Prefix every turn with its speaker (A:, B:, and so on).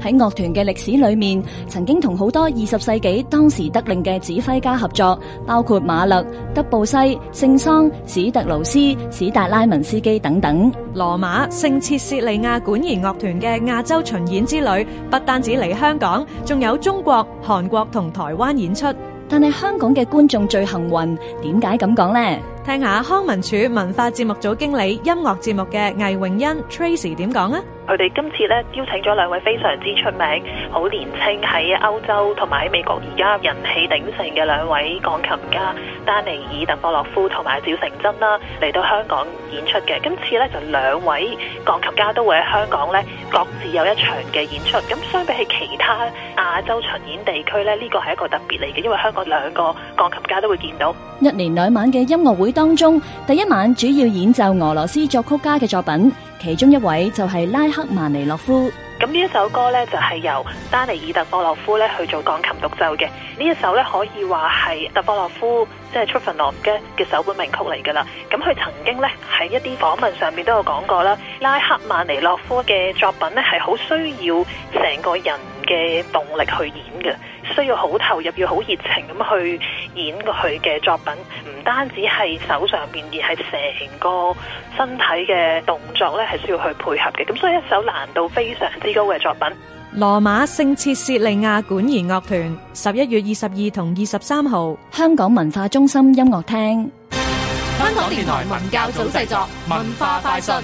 A: 喺樂團嘅歷史裏面，曾經同好多二十世紀當時得令嘅指揮家合作，包括馬勒、德布西、聖桑、史特勞斯、史達
B: 拉文斯基等等。羅馬聖切切利亞管弦樂團嘅亞洲巡演之旅，不單止嚟香港，仲有中國、韓國同台灣演出。但係
A: 香港嘅觀眾最幸運，點解咁講呢？
B: 聽下康文署文化節目組經理、音樂節目嘅魏永欣 Tracy 點講啊！
C: 佢哋今次咧邀請咗兩位非常之出名、好年青喺歐洲同埋喺美國而家人氣鼎盛嘅兩位鋼琴家，丹尼爾·鄧博洛夫同埋趙成珍啦，嚟到香港演出嘅。今次咧就兩位鋼琴家都會喺香港咧各自有一場嘅演出。咁相比起其他亞洲巡演地區咧，呢個係一個特別嚟嘅，因為香港兩個。鋼琴家都會見到，
A: 一年兩晚嘅音樂會當中，第一晚主要演奏俄羅斯作曲家嘅作品，其中一位就係拉赫曼尼諾夫。
C: 咁呢一首歌咧就係、是、由丹尼爾特波洛夫咧去做鋼琴獨奏嘅，呢一首咧可以話係特波洛夫。即係出份樂嘅嘅首本名曲嚟噶啦，咁佢曾經呢，喺一啲訪問上面都有講過啦，拉克曼尼洛夫嘅作品呢，係好需要成個人嘅動力去演嘅，需要好投入，要好熱情咁去演佢嘅作品，唔單止係手上邊，而係成個身體嘅動作呢，係需要去配合嘅，咁所以一首難度非常之高嘅作品。.
B: 羅馬聖切涉利亞管弦樂團，十一月二十二同二十三
A: 號，香港文化中心音樂廳。
C: 香港電台文教組製作，
A: 文化快訊。